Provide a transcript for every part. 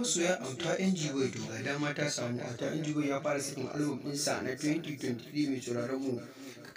masoya auta yan jigo to ga dama ta samu auta yan jigo ya fara sakin album ɗinsa na 2023 mai sauraron mu ka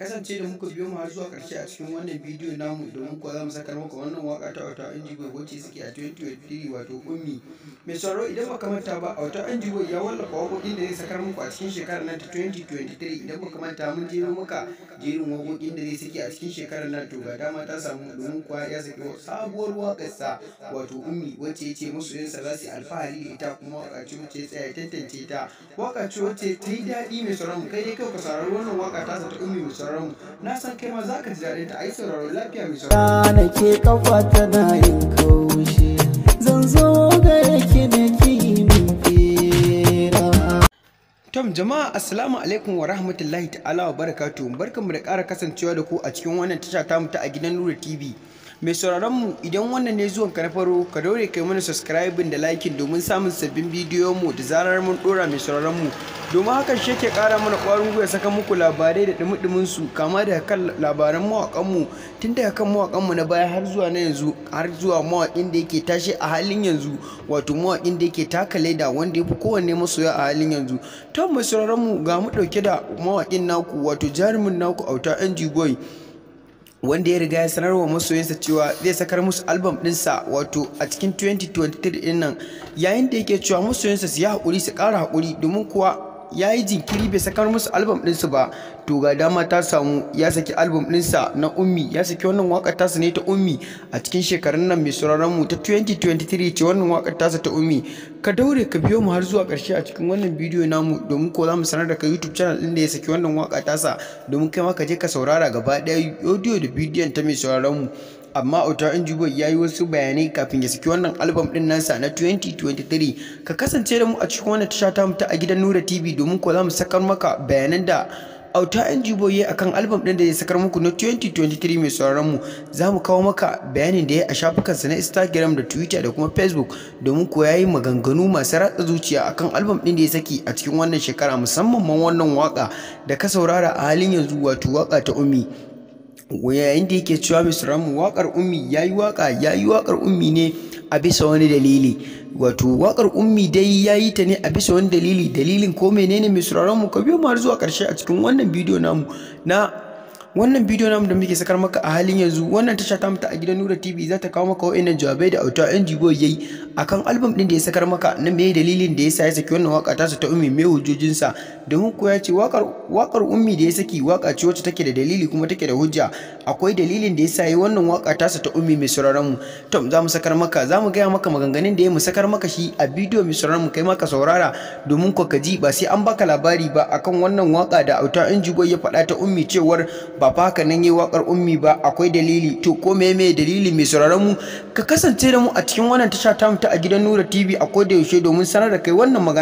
kasance da muka biyo mu har zuwa karshe a cikin wannan bidiyo namu domin kuwa za mu sakar maka wannan waka ta auta yan jigo wacce suke a 2023 wato ummi mai sauraro idan baka manta ba auta yan jigo ya wallafa waƙoƙin da zai sakar muku a cikin shekarar nan ta 2023 idan baka manta mun jero maka jerin waƙoƙin da zai saki a cikin shekarar nan to ga dama ta samu domin kuwa ya saki sabuwar waƙarsa wato ummi wacce ya ce masoyansa za su yi alfahari alfahari da ita kuma wakaci ce wacce ya tsaya tantance ta wakaci ce wacce ta yi daɗi mai sauran mu kai dai kai ka saurari wannan waka ta ta ummi mai sauran mu na san kai ma za ka ji daɗin ta a yi sauraron lafiya mai sauran mu. ke kafa tana yin kaushe zan zo ga yake da Tom jama'a assalamu alaikum wa rahmatullahi ta'ala wa barakatuhu barkanmu da ƙara kasancewa da ku a cikin wannan tasha mu ta a gidan Nura TV mai sauraron mu idan wannan ne zuwan ka na ka daure kai mana subscribing da liking domin samun sabbin bidiyo mu da zarar mun dora mai sauraron mu domin hakan shi yake kara mana kwarin gwiwa saka muku labarai da dumudumin su kama da kan labaran mawakan mu tun daga kan mawakan mu na baya har zuwa na yanzu har zuwa mawakin da yake tashi a halin yanzu wato mawakin da yake taka leda wanda ya fi kowanne masoya a halin yanzu to mai sauraron mu ga mu dauke da mawakin naku wato jarumin naku auta NG Boy wanda ya riga ya sanar wa masoyansa cewa zai sakar musu albam dinsa wato a cikin 2023 ɗin nan yayin da yake cewa masoyansa su yi haƙuri su ƙara haƙuri domin kuwa ya yi jinkiri bai sakar musu album ɗinsu ba to ga dama ta samu ya saki album ɗinsa na ummi ya saki wannan waka tasa ne ta ummi a cikin shekarun nan mai sauraron mu ta 2023 ce wannan waka tasa ta ummi ka daure ka biyo mu har zuwa karshe a cikin wannan bidiyo namu domin ko za mu sanar da ka YouTube channel din da ya saki wannan waka tasa domin kai ma ka je ka saurara gaba ɗaya audio da bidiyon ta mai sauraron mu amma Auta Injuboy ya yi wasu bayanai kafin ya saki wannan albam ɗin nasa na 2023 ka kasance da mu a cikin wannan tasha ta mutu a gidan Nura TV domin ko za mu sakar maka bayanan da auta yan ya yi akan albam ɗin da ya sakar muku na 2023 mai sauraron mu za mu kawo maka bayanin da ya a shafukan sa na instagram da twitter da kuma facebook domin ko ya yi maganganu masu ratsa zuciya akan album albam ɗin da ya saki a cikin wannan shekara musamman ma wannan waka da ka saurara a halin yanzu wato waka ta umi yayin da yake cewa ramu waƙar ummi ya yi waƙa ya yi waƙar ummi ne a bisa wani dalili wato waƙar ummi dai ya yi ta ne a bisa wani dalili dalilin ko menene ramu ka biyo mu har zuwa ƙarshe a cikin wannan bidiyo namu na wannan bidiyo namu da muke sakar maka a halin yanzu wannan tasha ta mutu a gidan Nura TV za ta kawo maka wa'annan jawabai da auta yan jibo yayi akan album din da ya sakar maka na me dalilin da yasa ya saki wannan waka ta ta ummi me hujojin sa domin ko ya ce wakar wakar ummi da ya saki waka ce wacce take da dalili kuma take da hujja akwai dalilin da ya yasa yayi wannan waka ta ta ummi mai sauraron mu to za mu sakar maka za mu gaya maka maganganun da ya mu sakar maka shi a bidiyo mai sauraron mu kai maka saurara domin ko ka ba sai an baka labari ba akan wannan waka da auta yan jibo ya faɗa ta ummi cewar ba fa nan yi wakar ummi ba akwai dalili to ko me me dalili mai sauraron mu ka kasance da mu a cikin wannan tasha ta mu ta a gidan Nura TV a da yaushe domin sanar da kai wannan magana